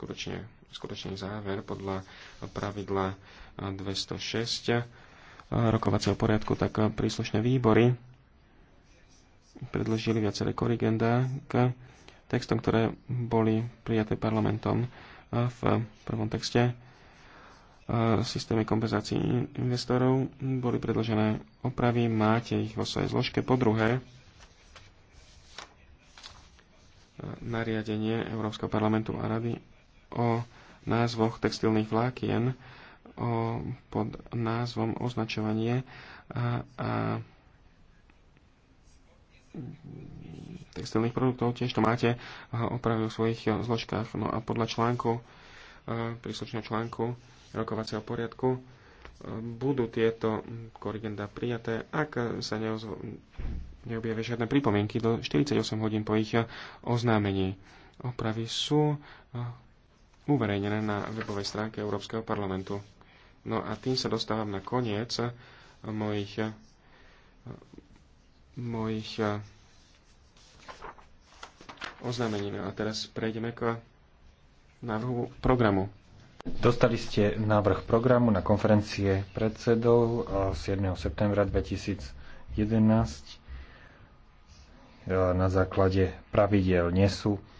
skutočne, skutočný záver podľa pravidla 206 eh, rokovacieho poriadku, tak príslušné výbory predložili viaceré korigenda k textom, ktoré boli prijaté parlamentom eh, v prvom texte eh, systéme kompenzácií investorov boli predložené opravy, máte ich vo svojej zložke. Po druhé, nariadenie Európskeho parlamentu a rady o názvoch textilných vlákien, o, pod názvom označovanie a, a textilných produktov. Tiež to máte opravy v svojich zložkách. No a podľa článku, príslušného článku rokovacieho poriadku budú tieto korigenda prijaté, ak sa neozvo, neobjavia žiadne pripomienky do 48 hodín po ich oznámení. Opravy sú uverejnené na webovej stránke Európskeho parlamentu. No a tým sa dostávam na koniec mojich, mojich oznámení. No a teraz prejdeme k návrhu programu. Dostali ste návrh programu na konferencie predsedov 7. septembra 2011 e, na základe pravidel nie sú